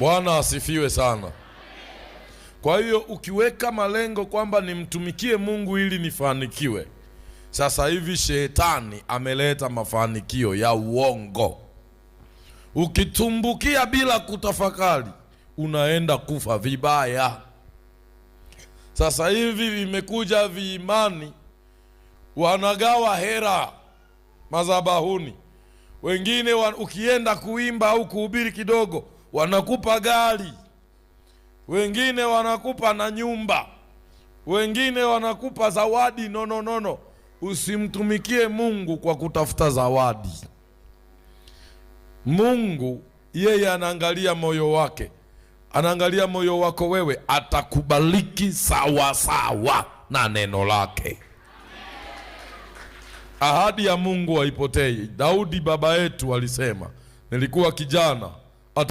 Bwana asifiwe sana. Kwa hiyo ukiweka malengo kwamba nimtumikie Mungu ili nifanikiwe, sasa hivi shetani ameleta mafanikio ya uongo. Ukitumbukia bila kutafakari, unaenda kufa vibaya. Sasa hivi vimekuja viimani, wanagawa hera madhabahuni, wengine wa, ukienda kuimba au kuhubiri kidogo wanakupa gari, wengine wanakupa na nyumba, wengine wanakupa zawadi. No, no, no, no. Usimtumikie Mungu kwa kutafuta zawadi. Mungu yeye anaangalia moyo wake, anaangalia moyo wako wewe, atakubaliki sawa sawa na neno lake. Ahadi ya Mungu haipotei. Daudi baba yetu alisema, nilikuwa kijana